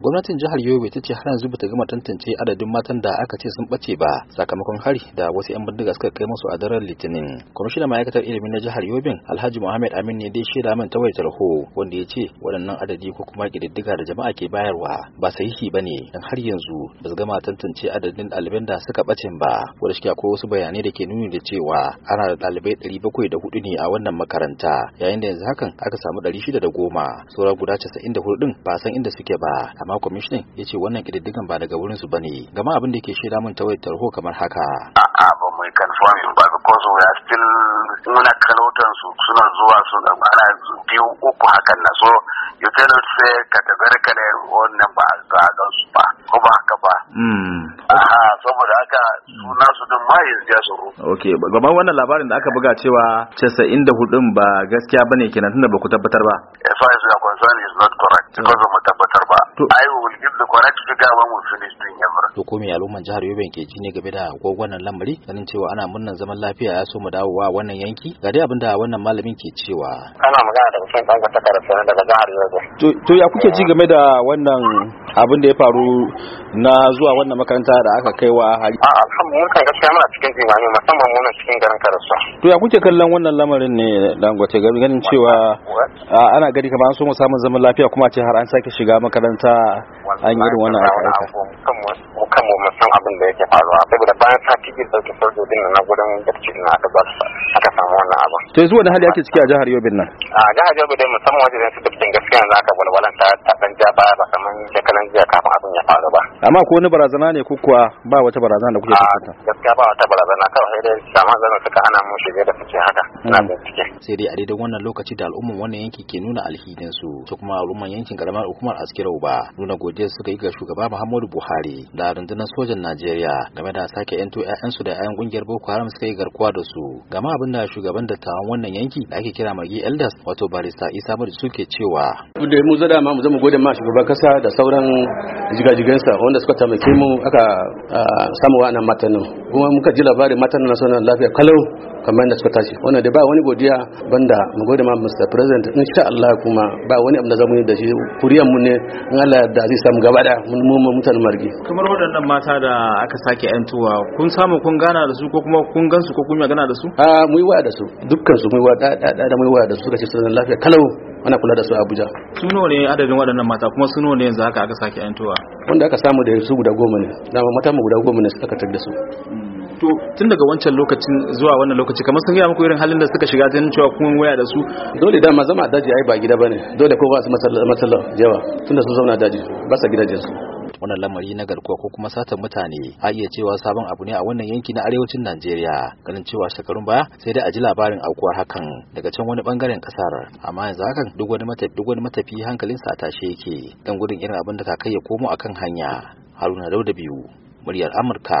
gwamnatin jihar yobe ta ce har yanzu bata gama tantance adadin matan da aka ce sun bace ba sakamakon hari da wasu yan bindiga suka kai musu a daren litinin kwamishinan ma'aikatar ilimi na jihar yobe alhaji muhammad amin ne dai shaida min tawai ho wanda ya ce waɗannan adadi ko kuma kididdiga da jama'a ke bayarwa ba sa sahihi ba ne dan har yanzu ba su gama tantance adadin ɗaliban da suka bace ba wanda shi akwai wasu bayanai da ke nuni da cewa ana da ɗalibai ɗari bakwai da hudu ne a wannan makaranta yayin da yanzu hakan aka samu ɗari shida da goma saura guda casa'in da hudu ɗin ba san inda suke ba amma kwamishinan ya ce wannan ƙididdigan ba daga wurinsu ba ne gama abin da ke shaida mun ta wayar tarho kamar haka. A'a ba mu confirming ba because we are still muna kalautan su suna zuwa su suna ana biyu uku hakan na so you cannot say categorically wannan ba a ga su ba ko ba haka ba. Hmm. Aha saboda haka suna su din ma yanzu ya tsoro. Okay gama wannan labarin da aka buga cewa casa'in da hudun ba gaskiya bane kenan tunda ba ku tabbatar ba. As far as we are concerned is not correct because of ayo wal gibda kwanaki ga gaban musulmi yamma to ko me al'umman jihar Yobe ke ji ne game da gwagwanan lamari ganin cewa ana murnan zaman lafiya ya so mu dawo dawowa wannan yanki ga dai abinda wannan malamin ke cewa ana magana da mutum ɗan ga takara daga jihar Yobe to ya kuke ji game da wannan abin da ya faru na zuwa wannan makaranta da aka kai wa hali. A alhamdulillah kan gaskiya muna cikin jimami musamman muna cikin garin Karasuwa. To ya kuke kallon wannan lamarin ne Dangote ganin cewa ana gari kamar an so mu samun zaman lafiya kuma ce har an sake shiga makaranta an yi irin wannan aika. Kan mu san abin da yake faruwa saboda bayan sati biyu dauke sojojin din na gurin gabci na aka ba aka samu wannan abin. To yanzu wani hali ake ciki a jihar Yobe nan? A jihar Yobe dai musamman wajen su dukkan gaskiya za aka walwalanta ta dan ja ba ba kamar shekarar nan jiya kafin abin ya faru ba amma ko wani barazana ne ko kuwa ba wata barazana da kuke fuskanta gaskiya ba wata barazana kawai sai dai sama zan suka ana mun shige da fice haka na mm. bincike sai dai a daidai wannan lokaci da al'umman wannan yanki ke nuna alhinin su su kuma al'umman yankin karamar hukumar askirau ba nuna godiya suka yi ga shugaba Muhammadu Buhari da rundunar sojan Najeriya game da sake yanto ƴaƴan su da ƴaƴan kungiyar Boko Haram suka yi garkuwa da su game abin da shugaban dattawan wannan yanki da ake kira Magi Elders wato barista Isa Bari suke cewa da mu zada ma mu zama gode ma shugaban kasa da sauran jigajigansa wanda suka taimake mu aka samu wa'annan matanin kuma muka ji labarin matanin na sanar lafiya kalau kamar yadda suka tashi wannan da ba wani godiya banda mu gode ma Mr President insha Allah kuma ba wani abu da zamu yi da shi kuriyan mu ne in Allah yarda zai samu gaba da mun mu mutanen margi kamar waɗannan mata da aka sake yantuwa kun samu kun gana da su ko kuma kun gansu ko kun yi magana da su a mu yi waya da su dukkan su mu yi waya da da mu yi waya da su suka ce sanan lafiya kalau ana kula da su Abuja suno ne adadin waɗannan mata kuma suno ne yanzu haka aka sake yantuwa wanda aka samu da su guda goma ne da mata mu guda goma ne suka tabbatar da su hmm. to tun daga wancan lokacin zuwa wannan lokaci kamar sun yi muku irin halin da suka shiga jin cewa kun waya da su dole da ma zama daji ai ba gida bane dole ko ba su matsala yawa da sun zauna daji ba sa gidajen su wannan lamari na garkuwa ko kuma satar mutane a iya cewa sabon abu ne a wannan yanki na arewacin Najeriya ganin cewa shekarun baya sai dai a ji labarin aukuwar hakan daga can wani bangaren kasar amma yanzu hakan duk wani matafi duk wani matafi hankalinsa a tashe yake dan gudun irin abin da kakai ya komo akan hanya Haruna Dauda biyu muryar Amurka